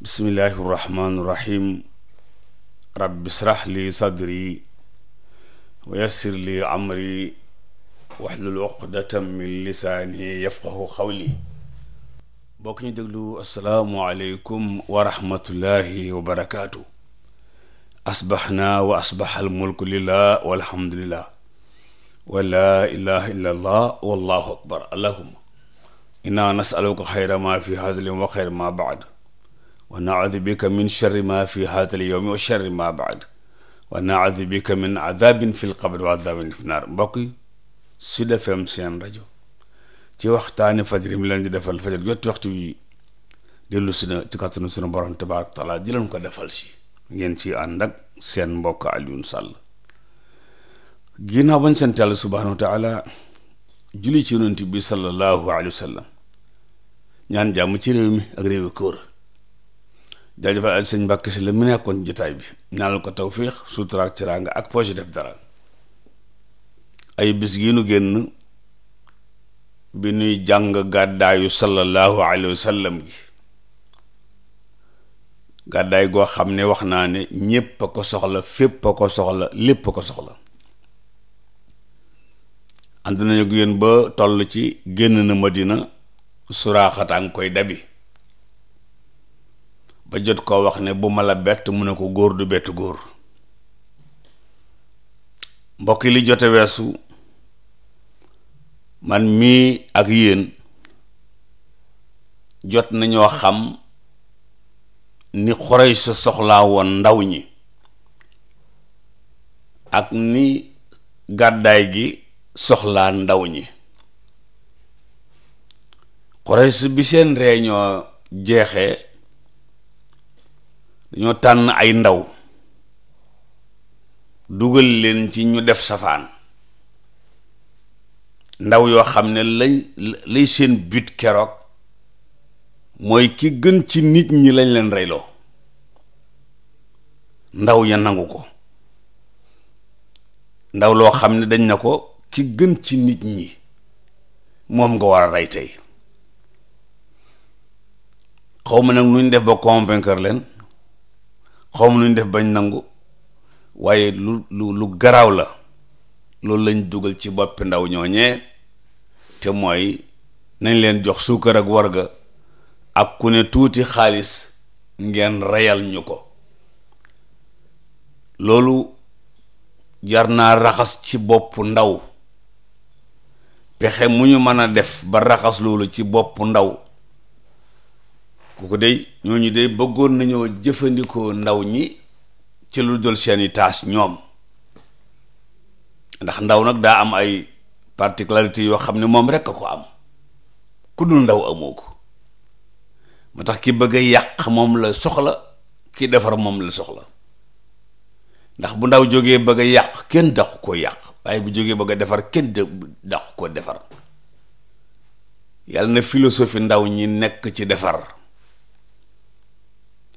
bismillahi irrahmani irrahim rabbi israh li sadri wa yassir li amri waxlul uqdatam min lisaani yafqahu xawli bokk ñu déglu asalaamualeykum wa rahmatullahi wa barakaatu asbaxna wa asbaxa almulku lillah walhamdulillah wa laa ilaha illa allah wallahu akbar allahuma inna nasaluka xayra ma fi hasalim wa xayra ma baad wa naudu bika min sharri ma fi haadha al yawmi wa sharri ma baad wa naudu bika min adaabin fi lqabri wa adaabin fi naar mbokk si Sud seen rajo ci waxtaani fajar mi leen di defal fajar jot waxtu wi dellu si na ci kattanu sunu borom tabaaraka taala di leen ko defal si ngeen ci ànd ak seen mbokk Alioune Sall bañ sant Yàlla subhaanahu wa taala bi sallallahu alayhi wa ñaan jàmm ci réew ak réew yi jaajëfal ak sëñ Mbàkke si la mu nekkoon jotaay bi ñaanal ko tawfiix sutura ak teraanga ak poche def dara ay bis yi nu génn bi nuy jàng gàddaayu sallallahu alayhi wa gi gàddaay goo xam ne wax naa ne ñépp a ko soxla fépp a ko soxla lépp a ko soxla ànd nañu yéen ba toll ci génn na Madina suraaxataa nga koy dabi ba jot koo wax ne bu ma la bett mu ne ko góor du bett góor mbokk li jote weesu man mii ak yéen jot nañoo xam ni xorey sa soxlaa woon ndaw ñi ak ni gàddaay gi soxlaa ndaw ñi xorey su bi seen réunion jeexee dañoo tànn ay ndaw dugal leen ci ñu def safaan ndaw yoo xam ne lañ lay seen bit keroog mooy ki gën ci nit ñi lañ leen reyloo ndaw ya nangu ko ndaw loo xam ne dañ na ko ki gën ci nit ñi moom nga war a rey tey xaw ma nag nu ñu def ba convaincre leen xawma lu ñu def bañ nangu waaye lu lu lu garaaw la loolu lañ dugal ci boppi ndaw ñooñee te mooy nañ leen jox suukar ak warga ak ku ne tuuti xaalis ngeen reyal ñu ko loolu jar naa raxas ci bopp ndaw pexe mu ñu mën a def ba raxas loolu ci bopp ndaw ku ko dey ñooñu dey bëggoon nañoo jëfandikoo ndaw ñi ci lu dul seeni taas ñoom ndax ndaw nag daa am ay particularité yoo xam ne moom rekk a ko am ku dul ndaw amoo ko moo tax ki bëgg a yàq moom la soxla ki defar moom la soxla ndax bu ndaw jógee bëgg yàq kenn daxu koo yàq waaye bu jógee bëgg a defar kenn daxu koo defar yàlla na philosophie ndaw ñi nekk ci defar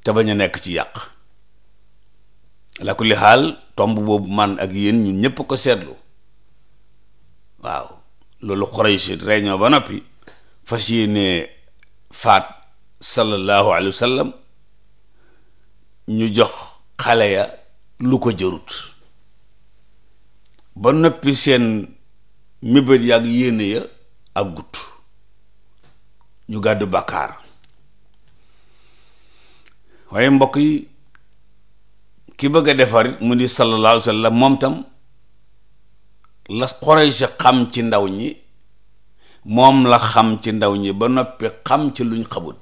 te bañ a nekk ci yàq la kulli xaal tomb boobu man ak yéen ñun ñépp ko seetlu waaw loolu Quraysh réunion ba noppi fas yéene faat sallallahu alayhi wa ñu jox xale ya lu ko jërut ba noppi seen mébét ya ak yéene ya ak gut ñu gàddu bàkkaar waaye mbokk yi ki bëgg a defar mu di sallallahu alayhi wa sallam moom tam la Quraysh xam ci ndaw ñi moom la xam ci ndaw ñi ba noppi xam ci luñ xamut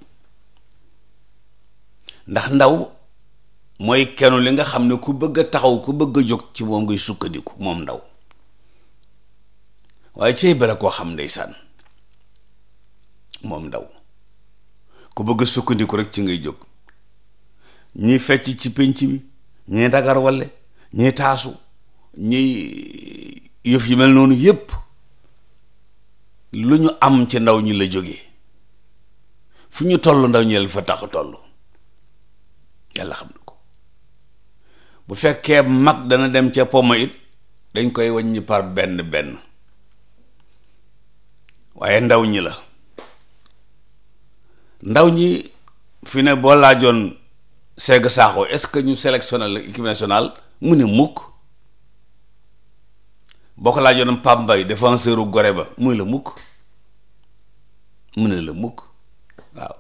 ndax ndaw mooy kenn li nga xam ne ku bëgg a taxaw ku bëgg a jóg ci moom ngay sukkandiku moom ndaw waaye cey bala koo xam ndeysaan moom ndaw ku bëgg a sukkandiku rek ci ngay jóg ñiy fecc ci pénc bi ñiy dagar wale taasu ñi yëf yu mel noonu yépp lu ñu am ci ndaw ñi la jógee fu ñu toll ndaw ñi la fa tax toll yàlla xam na ko bu fekkee mag dana dem ca poma it dañ koy wàññi par benn benn waaye ndaw ñi la ndaw ñi fi ne boo Sega Sakho est-ce que ñu sélectionné la équipe nationale mu ne mukk boo ko laajoon Pape Mbaye défenseur u Gorée ba mu la mukk mu ne la mukk waaw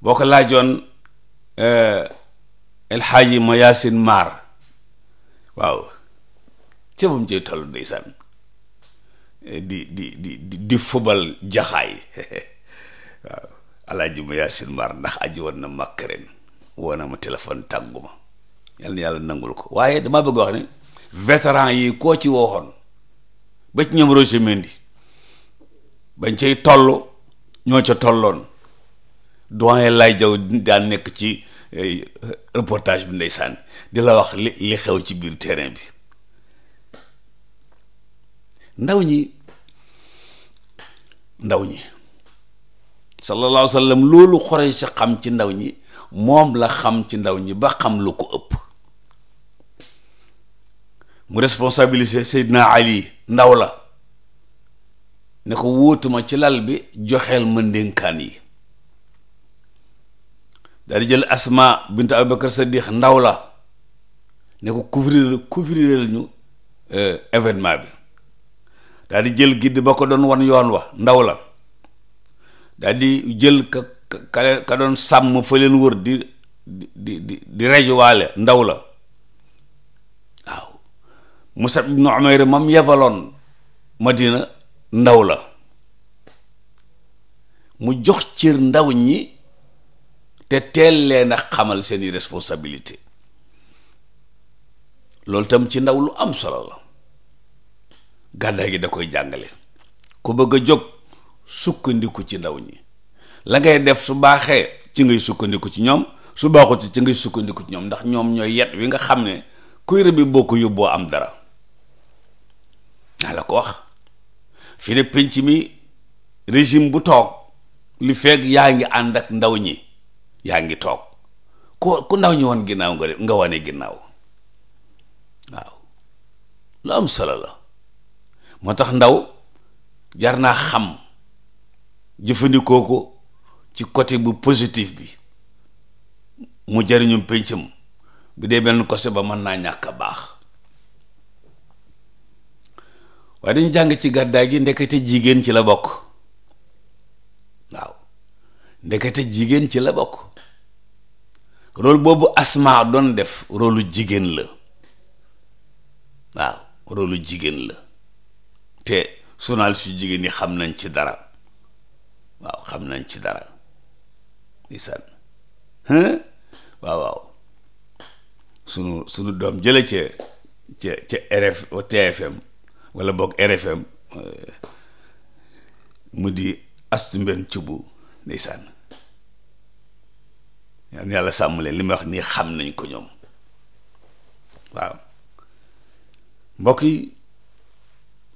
boo ko laajoon euh, El Hadji Mayacine Mar waaw ca bam cay toll ndeysaan eh, di di di di fubal jaxaay waaw alaaji Mayacine Mar ndax aji woon na makk ren woo na ma téléphone tàggu yal na yàlla nangul ko waaye damaa bëgg wax ne vétéran yi koo ci wooxoon ba ci ñoom Roger Mendy bañ cay toll ñoo ca tolloon doyen lay jaw daan nekk ci eh, reportage bi ndeysaan di la wax li li xew ci biir terrain bi ndaw ñi ndaw ñi sallallahu alayhi loolu xoree sa xam ci ndaw ñi moom la xam ci ndaw ñi ba xam lu ko ëpp mu responsabilisé Seydina Ali ndaw la ne ko wóotuma ci lal bi joxeel ma ndénkaan yi daal jël Asma bint Abubakar Saddiq ndaw la ne ko couvrir couvrir ñu euh, événement bi daal di jël gidd ba ko doon wan yoon wa ndaw la daal jël ka ka ka doon sàmm fa leen wër di di di di rejuwaale ndaw la waaw Musab ibnu Umayr mam yebaloon Madina ndaw la mu jox cër ndaw ñi te teel leen a xamal seeni responsabilité loolu tam ci ndaw lu am solo la gàddaay gi da koy jàngale ku bëgg a jóg sukkandiku ci ndaw ñi la ngay def su baaxee ci ngay sukkandiku ci ñoom su baaxut ci ngay sukkandiku ci ñoom ndax ñoom ñooy yet wi nga xam ne kuy rëbbi boo ko yóbboo am dara naa la ko wax fi ne pénc mi régime bu toog li feeg yaa ngi ànd ak ndaw ñi yaa ngi toog ku ku ndaw ñi woon ginnaaw nga nga wane ginnaaw waaw lu am solo la moo tax ndaw jar naa xam jëfandikoo ko ci côté bu positif bi mu jëriñu péncam bi dee benn kose ba mën naa ñàkk a baax waaye dañu jàng ci gàddaay gi ndekete jigéen ci la bokk waaw ndekete jigéen ci la bokk rôle boobu asma doon def rôlu jigéen la waaw rôlu jigéen la te journaliste yu jigéen yi xam nañ ci dara waaw xam nañ ci dara ndeysaan waaw waaw sunu sunu doom jële ca ca ca RF TFM wala RFM eh, mu di astu mbenn cubu ndeysaan yal yàlla sàmm leen li may wax nii xam nañ ko ñoom waaw mbokk yi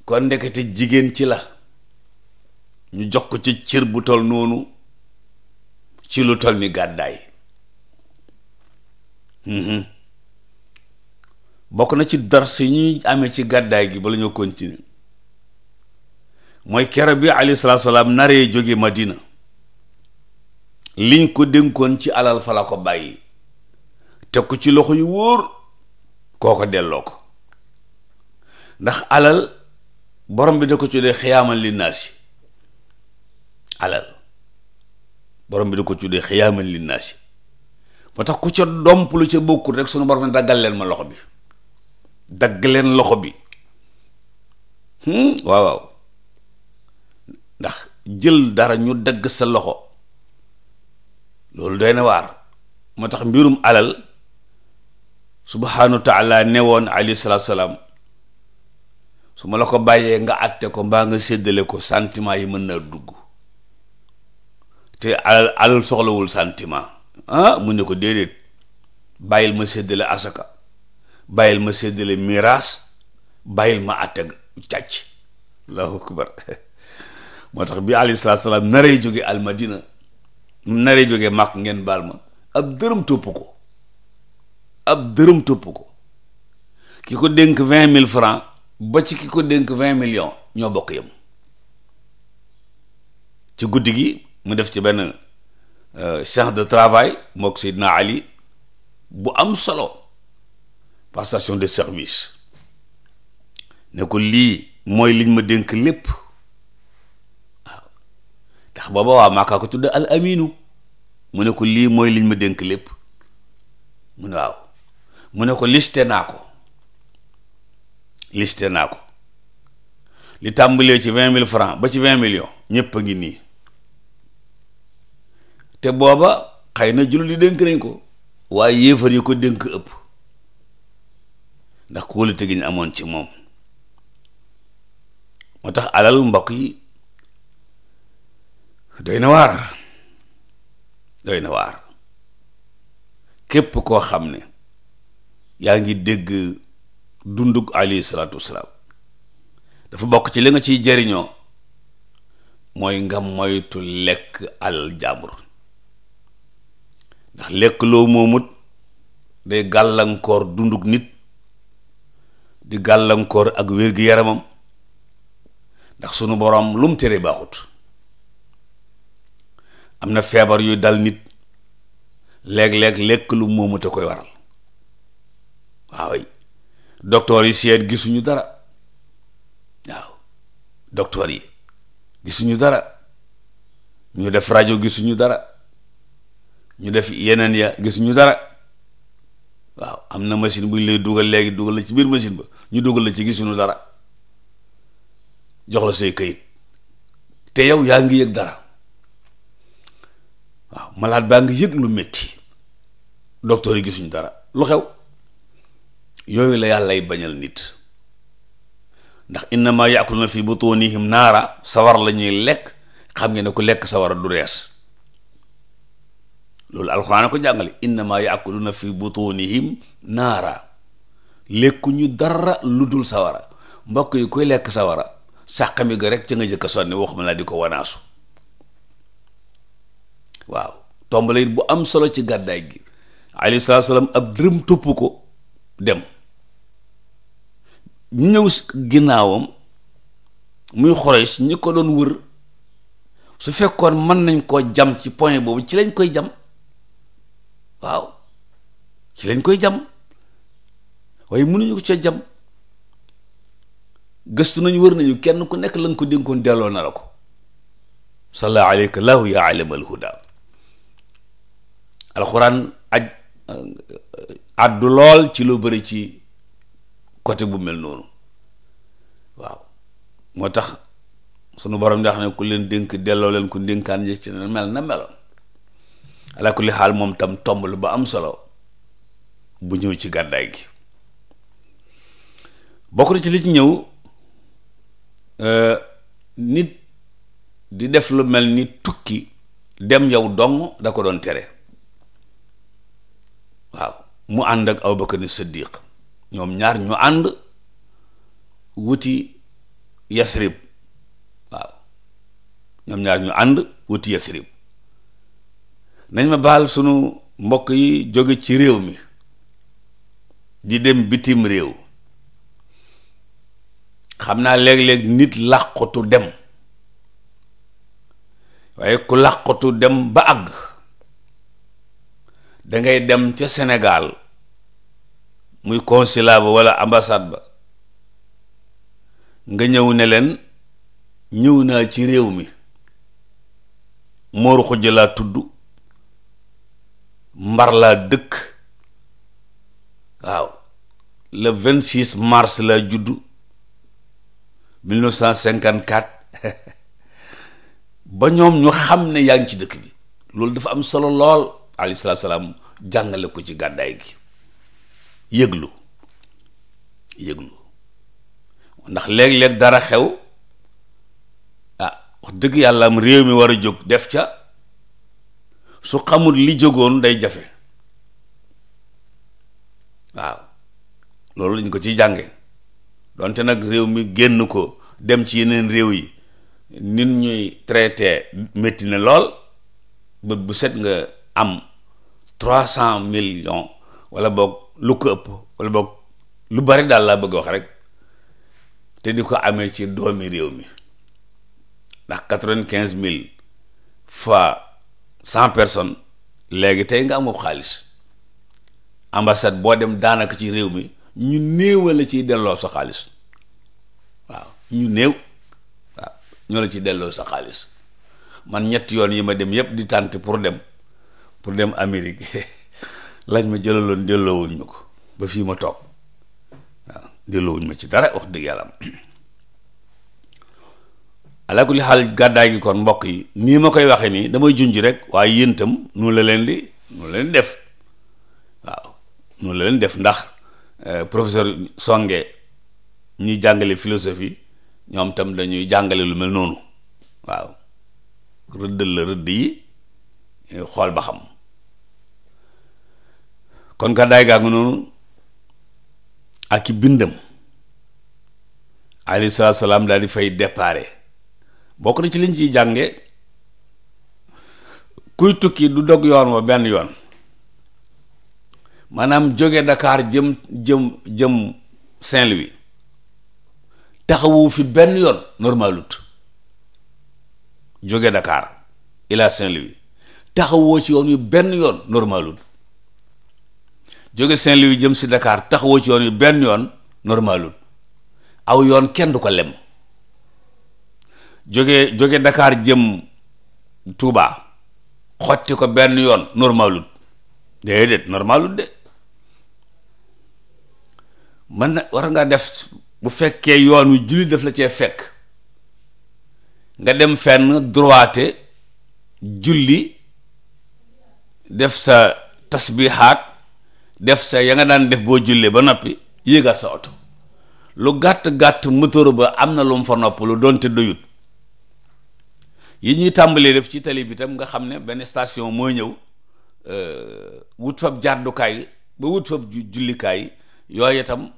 kon ndekete jigéen ci la ñu jox ko ci cër bu tol noonu ci lu tol ni gàddaay mhm. bokk na ci dars yi ñuy ame ci gàddaay gi ba la continuer mooy kere bi alayhi salaatu salaam naree jóge Madina liñ ko dénkoon ci alal fa la ko bàyyi teg ko ci loxo yu wóor koo ko delloo ko ndax alal borom bi da ko ci dee xiyaaman li naasi alal borom bi da ko tuddee xiyaaman linnaasi moo tax ku ca domp lu ca bokkul rek sunu borom ne daggal leen ma loxo bi dagg leen loxo bi hmm? waaw waaw ndax jël dara ñu dagg sa loxo loolu doy na waar moo tax mbirum alal subhaanahu wa taala ne woon alayhi salaatu salaam su ma la ko bàyyee nga àtte ko mbaa nga séddale ko sentiment yi mën naa dugg te alal alal soxlawul santiment ah mu ne ko déedéet bàyyil ma seddale asaka bàyyil ma seddale miraas bàyyil ma àtte càcc allahu akbar moo tax bi alayhi salaatu salaam naree jóge almadina naree jóge màkk ngeen baal ma ab dërëm topp ko ab dërëm topp ko ki ko dénk vingt mille francs ba ci ki ko dénk vingt millions ñoo bokk yam ci guddi gi mu def ci benn euh, séance de travail mook Seydina Ali bu am solo passation de service ne ko lii mooy liñ ma dénk lépp waaw ndax booba waa maakaa ko tudd al aminu mu ne ko lii mooy liñ ma dénk lépp mu ne waaw mu ne ko liste naa ko liste naa ko li tàmbalee ci vingt mille francs ba ci vingt million ñëpp a ngi nii te booba xëy na jullit yi dénk nañ ko waaye yéefar yi ko dénk ëpp ndax kóolute gi ñu amoon ci moom moo tax alal mbokk yi doy na waar doy na waar képp koo xam ne yaa ngi dégg dundug alayhi salaatu wasalaam dafa bokk ci li nga ciy jariñoo mooy nga moytu lekk alal jàmbur ndax lekk loo moomut day gàllankoor dunduk nit di gàllankoor ak wér-gi-yaramam ndax sunu borom lum tere baaxut am na feebar yuy dal nit léeg-léeg lekk lu moomut a koy waral waaw docteur yi seet gisuñu dara waaw docteur yi gisuñu dara ñu def rajo gisuñu dara ñu def yeneen ya gis ñu dara waaw am na machine bu ñu lay dugal léegi dugal la ci biir machine ba ñu dugal la ci gisuñu dara jox la say kayit te yow yaa ngi yëg dara waaw malade baa ngi yëg lu metti docteur yi gisuñu dara lu xew yooyu la yàllay bañal nit ndax na innama yaakuluna fi butunihim naara sawar la ñuy lekk xam ngeen ne ku lekk sawara du rees loolu alxuraan ko jàngale innama yaakuluna fi butunihim naara lekku ñu dara lu dul sawara mbokk yi kuy lekk sawara sàqami ga rek ci nga jëkk sonni waxuma naa di ko wanaasu waaw tombale bu am solo ci gàddaay gi alayhi salaatu salaam ab dërëm topp ko dem ñu ñëw ginnaawam muy xores ñi ko doon wër su fekkoon mën nañ koo jam ci point boobu ci lañ koy jam waaw ci lañ koy jam waaye mënuñu ko ca jam gëstu nañ wër nañu kenn ku nekk lañ ko dénkoon delloo na la ko salla aleyka laahu ya alimal huda alxuraan addu eh, lool ci lu bari ci côté bu mel noonu waaw moo tax sunu borom di ne ku leen dënk delloo leen ku dénkaan ja ci na mel na meloon ala kulli xaal moom tam tomb lu ba am solo bu ñëw ci gàddaay gi bokk ci li ci ñëw euh, nit di def lu mel ni tukki dem yow dong da ko doon tere waaw mu ànd ak Abubakar Siddiq ñoom ñaar ñu ànd wuti Yasrib waaw ñoom ñaar ñu ànd wuti Yasrib nañ ma baal sunu mbokk yi jóge ci réew mi di dem bitim réew xam naa léeg-léeg nit làqatu dem waaye ku làqatu dem ba àgg dangay dem ca senegaal muy consulat ba walla ambassade ba nga ñëw ne leen ñëw naa ci réew mi Mor Xujja laa tudd mbar laa dëkk waaw le vingt six mars laa juddu mille neuf cent cinquante quatre ba ñoom ñu xam ne yaa ngi ci dëkk bi loolu dafa am solo lool alayhi salaatu salaam jàngale ko ci gàddaay gi yëglu yëglu ndax léeg-léeg dara xew ah wax yàlla am réew mi war a jóg def ca su xamul li jógoon day jafe waaw loolu lañ ko ciy jànge donte nag réew mi génn ko dem ci yeneen réew yi nit ñuy traité métti na lool bët bu set nga am trois cent millions wala boog lu ko ëpp wala boog lu bari daal laa bëgg wax rek te di ko amee ci doomi réew mi ndax quatre-vingt-quinze mille fois cent personnes léegi tey nga amoo xaalis ambassade boo dem daanaka ci réew mi ñu néew la ciy delloo sa xaalis waaw ñu néew waaw ñoo la ciy delloo sa xaalis man ñetti yoon yi ma dem yëpp di tànt pour dem pour dem Amérique lañ ma jëlaloon delloowuñ ma ko ba fii ma toog waaw delloowuñ ma ci dara wax dëgg yàlla ala li xaal gàddaay gi kon mbokk yi nii ma koy waxee nii damay junj rek waaye yéen itam nu la leen li nu la leen def waaw nu la leen def ndax eh, professeur Songe ñuy jàngale philosophie ñoom tam dañuy jàngale lu mel noonu waaw rëddal la rëdd yi eh, xool ba xam kon gàddaay gaa ngi noonu ak i bindam alayhi salaam daal di fay déparé. bokk na ci liñ ciy jànge kuy tukki du dog yoon wa benn yoon maanaam jóge ndakaar jëm jëm jëm Saint-Louis taxawu fi benn yoon normalut jóge Dakar ila Saint-Louis taxawoo ci benn yoon normalut jóge Saint-Louis jëm si Dakar taxawu ci yoon yu benn yoon normalut aw yoon kenn du ko lem jóge jóge ndakaar jëm Touba xotti ko benn yoon normalut déedéet de mën na war nga def bu fekkee yoon wi julli def la cee fekk nga dem fenn droite julli def sa tasbihaat def sa ya nga daan def boo jullee ba noppi yéegal sa oto lu gàtt-gàtt moteur ba am na lu mu fa nopp lu doonte doyut yi ñuy tàmbalee def ci tali bi tam nga xam ne benn station mooy ñëw euh, wut fab jàddukaay ba wut fab jullikaay yooyu itam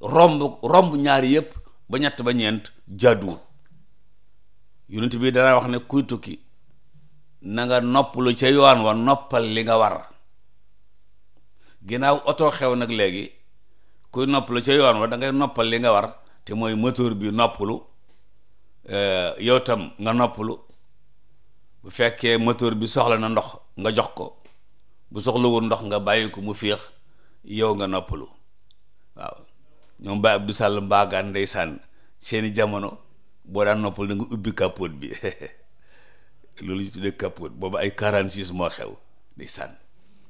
romb romb ñaari yëpp ba ñett ba ñeent jàdduwut yonent bi danaa wax ne kuy tukki nanga nga noppalu ca noppal li nga war ginnaaw oto xew nag léegi kuy noppalu ca yoon wa dangay noppal li nga war te mooy moteur bi noppalu Eh, yow tam nga noppalu bu fekkee moteur bi soxla na ndox nga jox ko bu soxla woon ndox nga bàyyi ko mu féex yow nga noppalu waaw ñoom Baye Abdou Sall mbaagaan sànn seeni jamono boo daan noppal da nga ubbi capote bi loolu ñu tuddee capote boobu ay 46 moo xew ndeysaan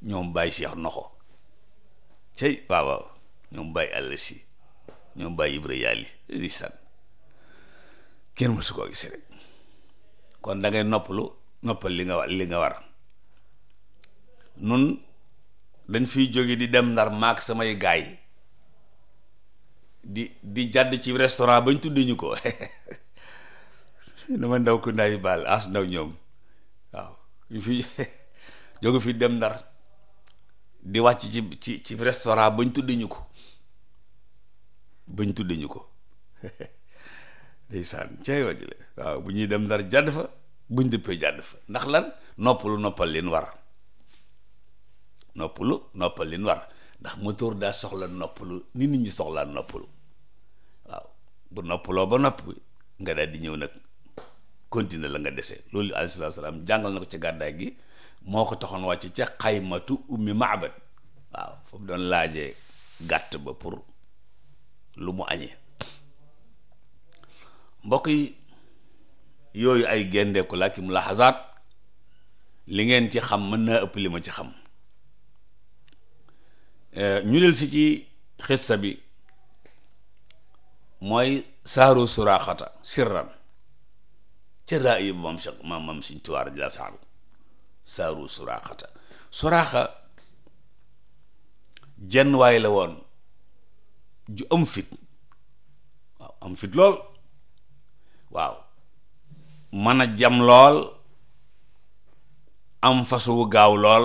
ñoom bàyyi Cheikh Noxo cey waaw waaw ñoom Baye Alla Si ñoom Baye Ibra Yali ndeysaan kenn mësu koo kon da ngay noppalu noppal li nga war li nga war nun dañ fiy jóge di dem ndar maak samay gaay di di jàdd ci restaurant bañ tudd ñu ko dama ndaw ko ndaay baal as ndaw ñoom waaw ñu fi jóge fi dem ndar di wàcc ci ci restaurant bañ tudd ko bañ tudd ko ndeysaan cey wajule waaw bu ñuy dem ndar jàdd fa buñ dëppee jàdd fa ndax lan noppalu noppal leen war noppalu noppal leen war ndax motoor daa soxla noppalu ni nit ñi soxlaa noppalu waaw bu noppaloo ba nopp nga daal di ñëw nag continuer la nga desee loolu alayhi salaatu salaam jàngal na ko ci gàddaay gi moo ko taxoon wàcc ca xaymatu ummi maabat waaw foofu doon laajee gàtt ba pour lu mu añee mbokk yi yooyu ay gendeeku la ki mu li ngeen ci xam mën naa ëpp lima ci xam eh, ñu del si ci xissa bi mooy saaru suraaxata sirran ca raa yi moom sa maam maam siñ tuwaar ji la saaru saaru suraaxata suraaxa jenn waay la woon ju am fit waaw am fit lool waaw mën a jam lool am façon gaaw lool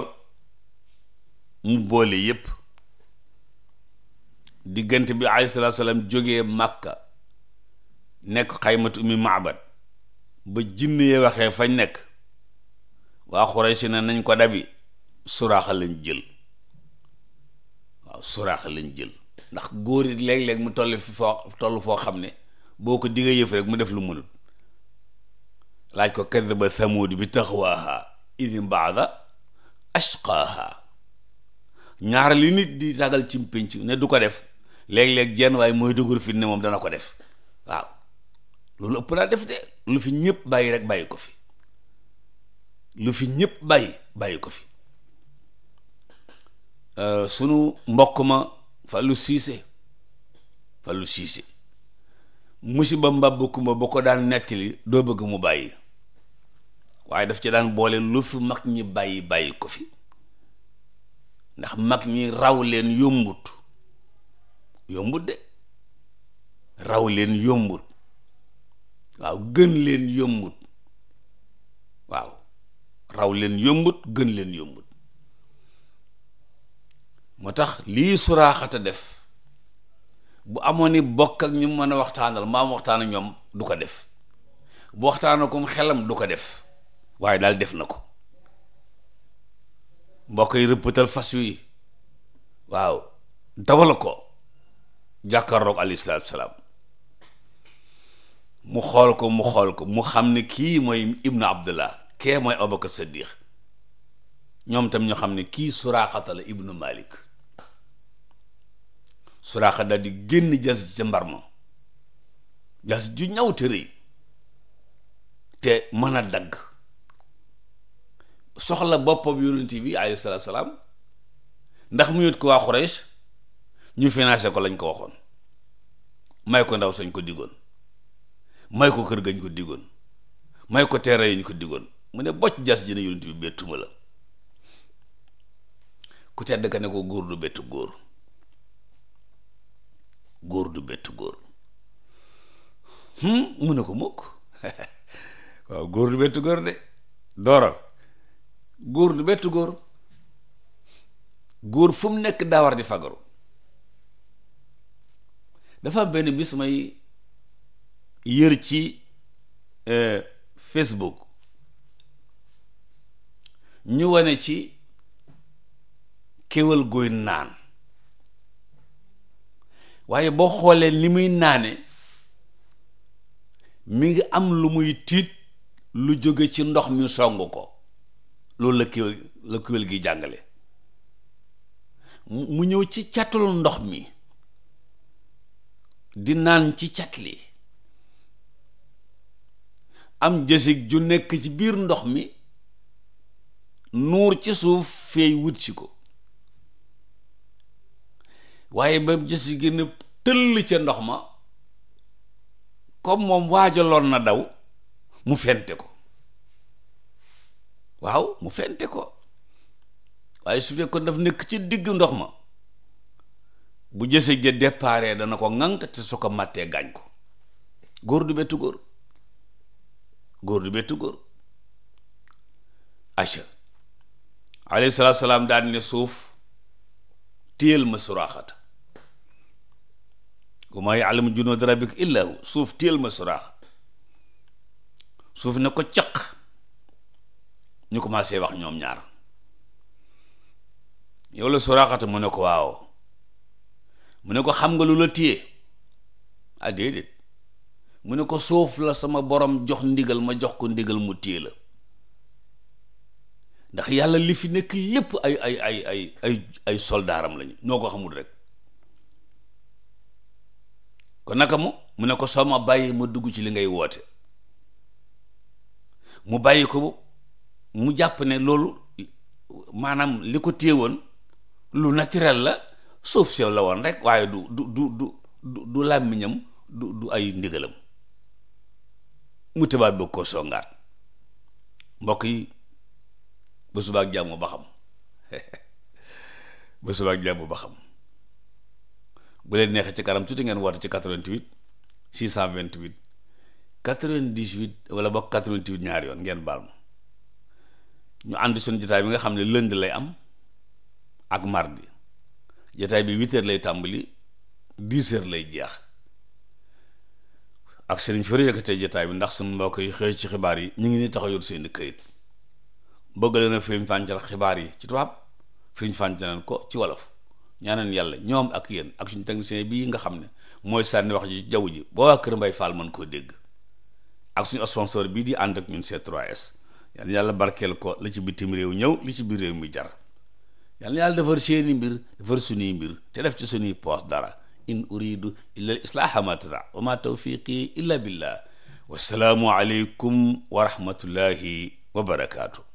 mu boole yépp diggante bi alayhi salaatu salaam jógee màkka nekk xaymatu ummi maabad ba jinne ya waxee fañ nekk waa xuraysi na nañ ko dabi suraaxa lañ jël waaw suraaxa lañ jël ndax góor it léeg-léeg mu toll fi foo toll foo xam ne boo ko diggee yëf rek mu def lu mënul laaj ko kadaba thamud bi taxwaaha idin baada ashqaaha ñaar li nit di ragal ci pénc ne du ko def léeg-léeg jenn waaye mooy dëgër fi ne moom dana ko def waaw loolu ëpp naa def de lu fi ñëpp bàyyi rek bàyyi ko fi lu fi ñëpp bàyyi bàyyi ko fi euh, sunu mbokk ma Fallou Cissé Fallou Cissé musiba mbàbb ma ba ko daan nettali doo bëgg mu bàyyi waaye daf ci daan boole lu fi mag ñi bàyyi bàyyi ko fi ndax mag ñi raw leen yombut yombut de raw leen yombut waaw gën leen yombut waaw raw leen yombut gën leen yombut moo tax lii suraaxata def bu amoon ni bokk ak ñu mën a waxtaanal maam waxtaan ak ñoom du ko def bu waxtaana kom xelam du ko def waaye daal def na ko mbokk yi rëpptal fas wi waaw dawal ko jàkkaarloog alayhi salaatu salaam mu xool ko mu xool ko mu xam ne kii mooy ibnu abdullah kee mooy abubakar saddiq ñoom tam ñu xam ne kii suraaxata la ibnu malik suraaxa daal di génn jas ca mbar ma jas ju ñaw te rëy te mën a dagg soxla boppam yonent bi alayhi salaatu salaam ndax mu yót ko waa Xuraysh ñu financé ko lañ ko waxoon may ko ndaw sañ ko diggoon may ko kër gañ ko diggoon may ko teere yi ñu ko diggoon mu ne bocc jas ji ne yonent bi bettuma la ku tedd ka ne ko góor du bett góor góor du bett góor hmm, mu ne ko mukk góor du bett góor de dooral góor du bett góor góor fu nekk daa di fagaru dafa am benn bis may yër ci eh, Facebook ñu wane ci kéwal gooy naan waaye boo xoolee li muy naane mi ngi am lu muy tiit lu jóge ci ndox mi song ko loolu la kiwél la kiwél gi jàngale mu ñëw ci catul ndox mi di naan ci cat li am jësig ju nekk ci biir ndox mi nuur ci suuf feey wut si ko waaye ba mu génn tëll ca ndox ma comme moom waajaloon na daw mu fente ko waaw mu fente ko waaye su fekkoon daf nekk ci digg ndox ma bu jëse ja déparé dana ko ŋànk te su ko màttee gaañ ko góor du bettu góor góor du bettu góor aca alayhi salaam daan ne suuf téyel ma suraaxat wa maa yaalamu junuud rabbika illaa hu suuf téel ma suraax suuf ne ko caq ñu commencé wax ñoom ñaar yow la suraaxata mu ne ko waaw mu ne ko xam nga lu la téye ah déedéet mu ne ko suuf la sama borom jox ndigal ma jox ko ndigal mu téye la ndax yàlla li fi nekk lépp ay ay ay ay ay ay soldaaram lañu noo ko xamul rek ko naka mu mu ne ko soo ma bàyyi ma dugg ci li ngay woote mu bàyyi ko mu jàpp ne loolu maanaam li ko téye woon lu naturel la suuf si la woon rek waaye du du du du du làmmiñam du du ay ndigalam mu tëbaat bëgg koo songaat mbokk yi ba subaak jàmm ba xam ba subaak jàmm ba xam bu leen neexee ci kanam tuuti ngeen woote ci 88 628 98 wala bokk 88 ñaari yoon ngeen baal ma ñu ànd suñu jotaay bi nga xam ne lënd lay am ak mardi jotaay bi 8 heures lay tàmbali 10 heures lay jeex ak sëriñ fi yëkkatee jotaay bi ndax su mbokk yi xëy ci xibaar yi ñu ngi ni taxaw yor seeni këyit bëgg leen a firim fàncal xibaar yi ci tubaab firim fàncal ko ci wolof ñaaneen yàlla ñoom ak yéen ak suñu technicien bii nga xam ne mooy sànni wax ji jaww ji boo waa Kër Mbay Fall mën koo dégg ak suñu sponsor bii di ànd ak ñun c yàlla barkeel ko la ci bitim réew ñëw li ci biir réew mi jar yal na yàlla defar seeni mbir defar suñuy mbir te def ci suñuy poos dara in uridu illa al islaaha ma tata wa ma tawfiqi illa billah wasalaamu aleykum wa wa barakaatu